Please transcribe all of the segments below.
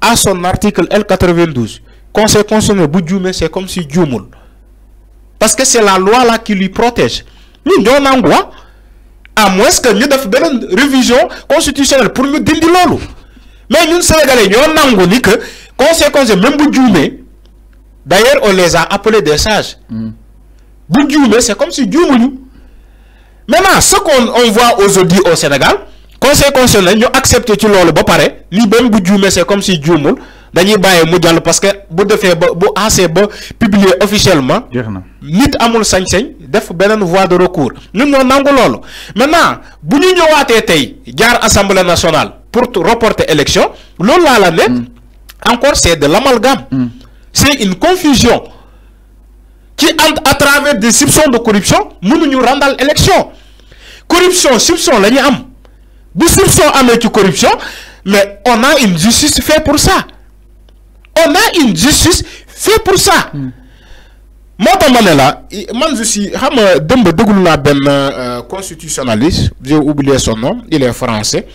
à son article L92 conséquence de bu c'est comme si Djoumoul. parce que c'est la loi là qui lui protège Nous ñoo nangu ah. à moins que ñu faire une révision constitutionnelle pour nous dindi l'eau. mais nous sénégalais nous en ni que conséquence même bu d'ailleurs on les a appelés des sages hmm. bu c'est comme si Djoumoul. maintenant ce qu'on voit aujourd'hui au Sénégal conseil constitutionnel ñu accepté ci lolu ba paré li même bu juumee c'est comme si juumul dañuy bayé mu jall parce que bu défé ba bu assez ba publier officiellement. nit amul sañ-sañ def benen voie de recours ñun ñoo nangu lolu maintenant bu ñu ñëwaaté tay jaar assemblée nationale pour reporter élection lolu la la ne. Hmm. encore c'est de l'amalgame. Hmm. c'est une confusion. qui entre à travers des soupçons de corruption ñu randal élection corruption soupçon lañu am bu soupçon amener une corruption mais on a une justice faite pour ça on a une justice faite pour ça Moi, là, mon je suis un nga euh, constitutionnaliste j'ai oublié son nom il est français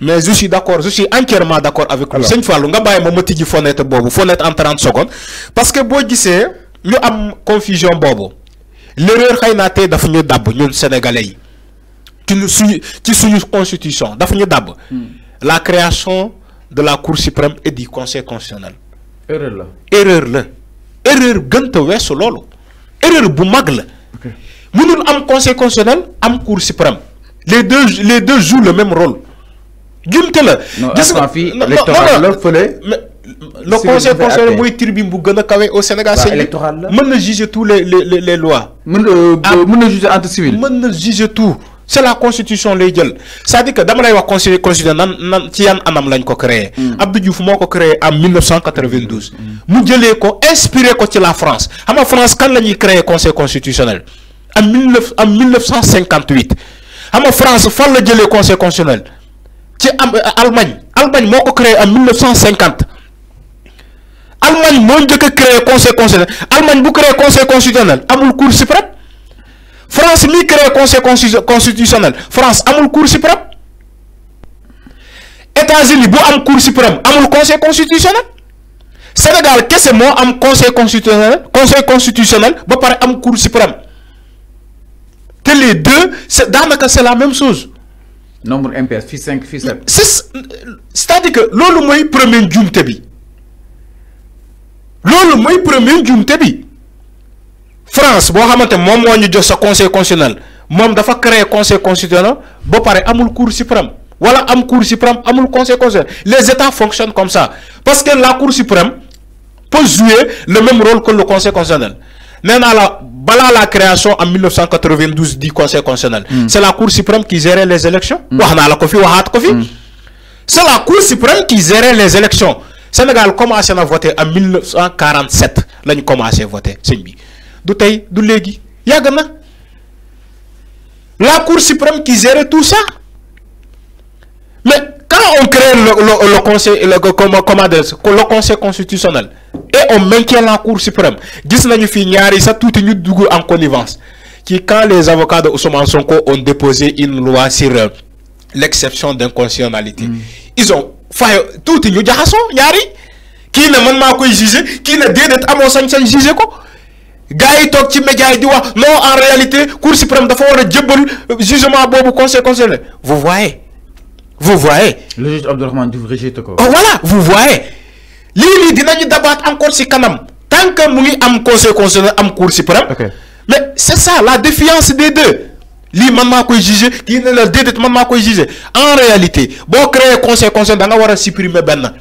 mais je suis d'accord je suis entièrement d'accord avec lui sëñ Fallou nga bàyyi ma ma tijji fenêtre boobu fenêtre en 30 secondes parce que boo gisee ñu am confusion l'erreur est naa tey dafa ñu nous ñun sénégalais tu lu tu ci constitution d'abord ñu hmm. la création de la cour suprême et du conseil constitutionnel. erreur là erreur là erreur gantoué a l'olo. erreur bu mag la mënul am conseil constitutionnel am cour suprême les deux les deux jouent le même rôle jumte la. gis non non le conseil constitutionnel mooy tribune bu gën au Sénégal. c'est électoral la mën na juger tous les les les lois. mën euh, ah. na juge juger entre civil. mën na juger tout c'est la constitution légale. Ça c'est-à-dire que dama lay wax le constitution nan nan ci yane anam lañ ko créé. Mm. Abdou Diouf moko créer en 1992. Mm. mu jëlé ko inspiré ko ci la France xam nga France kan la créer créé conseil constitutionnel en 1958. en 1958 xam nga France fa la jëlé conseil constitutionnel ci euh, Allemagne Allemagne moo en 1950. Allemagne moo njëkk créer conseil constitutionnel Allemagne bu créé conseil constitutionnel amul cour suprême. France crée créé conseil constitutionnel France le cour suprême États-Unis a un cour suprême amul conseil constitutionnel Sénégal kese moi am conseil constitutionnel conseil constitutionnel ba pare am cour suprême les deux c'est c'est la même chose. nombre MPS, Fils 5, Fils 7. c'est-à-dire que le le premier njuumte bi le le premier njuumte bi. France moi, je suis moi conseil constitutionnel je dafa créer conseil constitutionnel bon pareil, amul cour suprême wala am cour suprême amul conseil constitutionnel les états fonctionnent comme ça parce que la cour suprême peut jouer le même rôle que le conseil constitutionnel Mais à la la création en 1992 du conseil constitutionnel. Hmm. c'est la cour suprême qui gérait les élections. Hmm. Hmm. c'est la cour suprême qui gérait les élections Sénégal commencé à voter en 1947 nous a commencé voter c'est du tay du yagna la cour suprême qui gère tout ça mais quand on crée le le le conseil le comment le conseil constitutionnel et on maintient la cour suprême gis nañu fi ñaari sa tout ñu dugg en connivence qui quand les avocats de Ousmane Sonko ont déposé une loi sur euh, l'exception d'inconstitutionnalité mm. ils ont tout tuuti ñu jaxasoo ñaari qui ne man pas koy juger qui ne déedéet pas sañ-sañ juger gars tok ci médias di wax non en réalité cour suprême dafa war a jëbbal euh, jugement bobu conseil constitutionnel vous voyez vous voyez. le juge Abdourahmane Diouf rejeté ko. Oh, voilà vous voyez li li dinañu dabaat encore ci kanam tant que mu ngi am conseil constitutionnel am cour suprême. mais c'est ça la défiance des deux. li man maa koy juger ki ne la déedéet man maa koy juger en réalité boo créé conseil constitutionnel da nga wara supprimer ben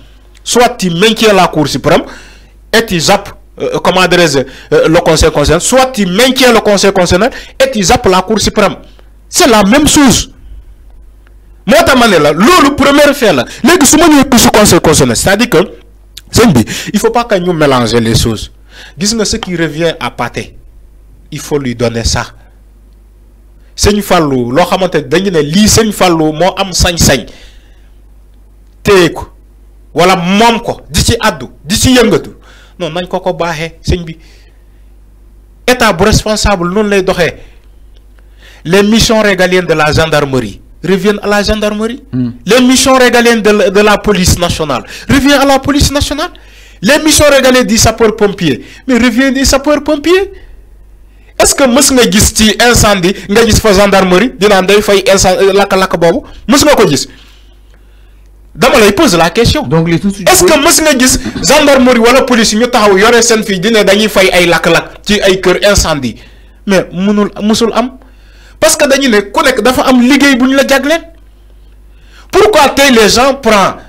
soit tu maintiens la cour suprême et tu zappes euh, comment euh, le Conseil constitutionnel, soit tu maintiens le Conseil constitutionnel et tu appelles la Cour suprême. C'est la même chose. Moi, là, le premier fait Conseil c'est-à-dire que, il ne faut pas que nous mélanger les choses. Disons ce qui revient à Pate il faut lui donner ça. sëñ Fallou loo c'est dañu ne Fallou am sañ-sañ wala ko di ce qui di ci non nañ ko ko pas c'est bi état responsable non les missions régaliennes de la gendarmerie reviennent à la gendarmerie. Hmm. les missions régaliennes de la police nationale reviennent à la police nationale. les missions régaliennes du sapeur pompiers mais reviennent des sapeurs-pompiers est-ce que mës nga gis incendie nga gis fa gendarmerie dina ndey fay incendie lak lak bobu ko je il pose la question. donc est-ce que mës nga gis gendarmerie wala police ñu taxaw yore sen fi dina dañuy fay ay ci incendie mais mënul am parce que dañu ne ku am bu la pourquoi les gens prennent.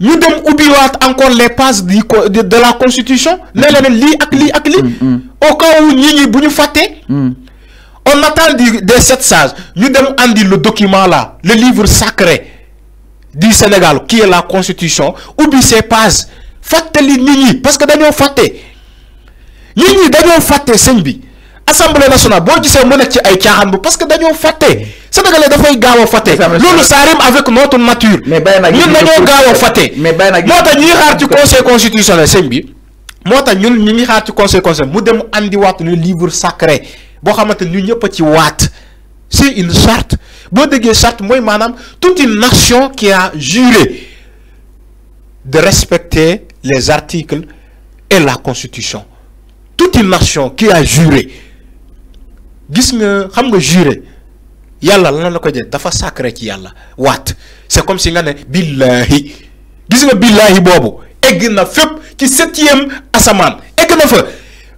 nous devons oublier encore les pages de la constitution les leen lii ak li ak au cas où ñi ñi bu on attend des sept sages nous devons andi le document là le livre sacré du Sénégal qui est la constitution oublier ces pages fàttali nit parce que dañoo faté nit nous dañoo faté sëñ bi assemblée nationale boo gisee mu nek ci ay parce que dañoo fàtte sénégalais dafay fait Nous, nous avec notre nature Nous dañoo faté Nous xaar conseil constitutionnel señ bi Nous ñun conseil constitutionnel mu dem andi le livre sacré ñëpp ci c'est une charte charte toute une nation qui a juré de respecter les articles et la constitution toute une nation qui a juré gis nga juré yàlla lan la ko jël dafa sacré ci yàlla waat se comme si nga ne billaahi gis nga billaahi boobu egg na fépp ci septième asamaan egg na fa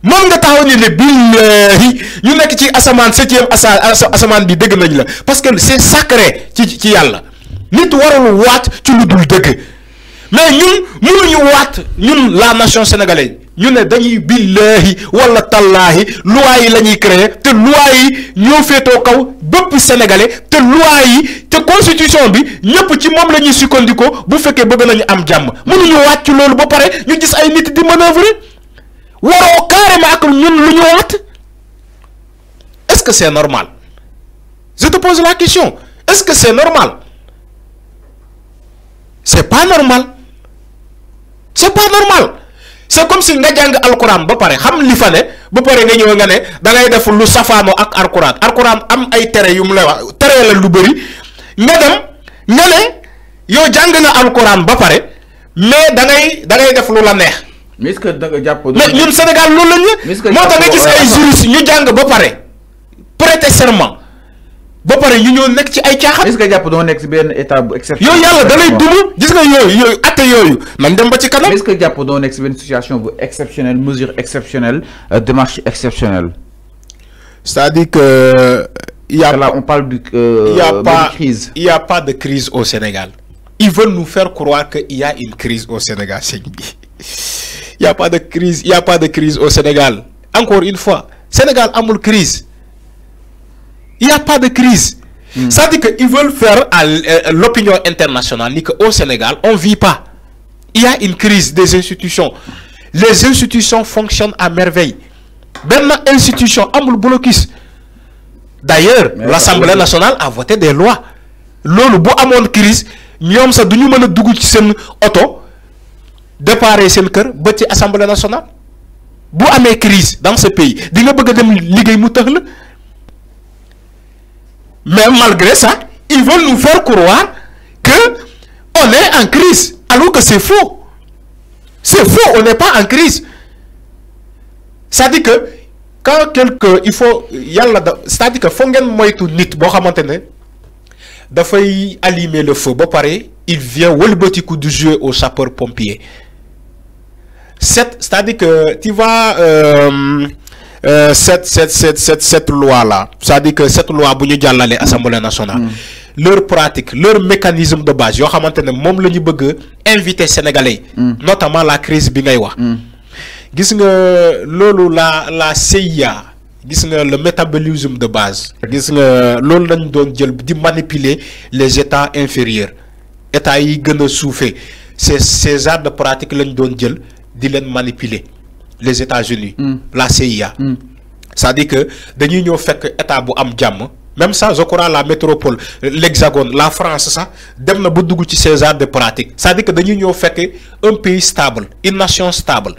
moom nga taxaw ni ne billaahi ñu nekk ci asamaan septième asa asamaan bi dëgg nañ la parce que c'est sacré ci ci yàlla nit warul waat ci lu dul dëgg mais ñun mënuñu waat ñun la nation sénégalaise ñu ne dañuy lois wala tallahi loi yi la ñuy créer loi yi ñoo féetoo kaw bépp sénégalais te loi yi te constitution bi ñëpp ci moom la ñuy bu fekkee bëgg nañu am jàmm mënuñu wàcc loolu ba pare ñu gis ay nit di manœuvrer waroo carrément ak ñun lu ñu est-ce que c'est normal je te pose la question est-ce que c'est normal c'est pas normal c'est pas normal. c'est comme si nga jàng alquran ba pare xam li fa ne ba pare nga ñëw nga ne dangay ngay def lu safaano ak alquran alquran am ay tere yu mu la wax tere la lu bëri nga dem nga ne yow jàng na alquran ba pare mais da ngay da ngay def lu la neex. mais est-ce que da nga jàpp mais ñun Sénégal loolu la ñu. moo tax nga gis ay juristes ñu jàng ba pare prêter serment. ba pare ñu ñoo nek ci ay caaxaan. est-ce que jàpp doo nekk si benn état bu exceptionnel. yooyu yàlla da lay dugg gis nga yoy yoy atte yoy man dem ba ci kanam. est-ce que jàpp doo nekk si benn situation bu exceptionnelle mesure exceptionnelle euh, démarche exceptionnelle. c'est-à-dire que. il y a là on parle du. il euh, y a pas crise il y a pas de crise au Sénégal. ils veulent nous faire croire qu'il y a une crise au Sénégal sëñ il y a pas de crise il y a pas de crise au Sénégal encore une fois Sénégal amul crise. Il n'y a pas de crise. Hmm. Ça veut dire qu'ils veulent faire à euh, l'opinion internationale au Sénégal, on ne vit pas. Il y a une crise des institutions. Les institutions fonctionnent à merveille. Même institution, Amoul Boulokis. D'ailleurs, l'Assemblée nationale a voté des lois. Lolo, si on a une crise, nous sommes en train de faire auto, déparer sen cœur, l'Assemblée nationale. Si on a une crise dans ce pays, vous de aller travailler, mais malgré ça, ils veulent nous faire croire que on est en crise, alors que c'est faux. C'est faux, on n'est pas en crise. Ça dit que quand quelque il faut yalla c'est à dire que Fongen Moïtounit, moytu nit bo xamantene da fay allumer le feu Bon paré, il vient coup du jeu au chapeau pompier c'est c'est à dire que tu vas euh, euh, cette cette cette cette cette loi là ça dit dire que cette loi bu ñu jàllalee assemblée nationale. Mm. leur pratique leur mécanisme de base yoo xamante ne moom la bëgg sénégalais mm. notamment la crise bi ngay wax. Mm. gis nga la la CIA gis nga le métabolisme de base. gis nga loolu lañ doon jël di manipuler les états inférieurs états yi gën a ces ces genres de pratique lañ doon jël di manipuler les États-Unis mm. la CIA ça dit que que avons fait que état bu am jàmm même ça je la métropole l'Hexagone la France ça, dem na ces arts de pratique ça dit que dañuy avons fait un pays stable une nation stable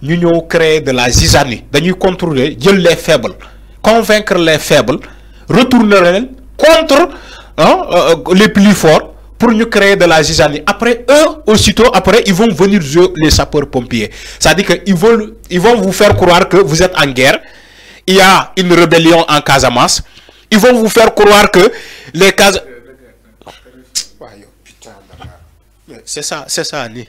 nous crée créer de la zizanie dañuy contrôler jël les faibles convaincre les faibles retourner contre hein, euh, euh, les plus forts pour nous créer de la zizanie. Après, eux, aussitôt, après, ils vont venir jouer les sapeurs-pompiers. C'est-à-dire qu'ils vont, ils vont vous faire croire que vous êtes en guerre. Il y a une rébellion en Casamance. Ils vont vous faire croire que les Cas... C'est ça, c'est ça, Annie.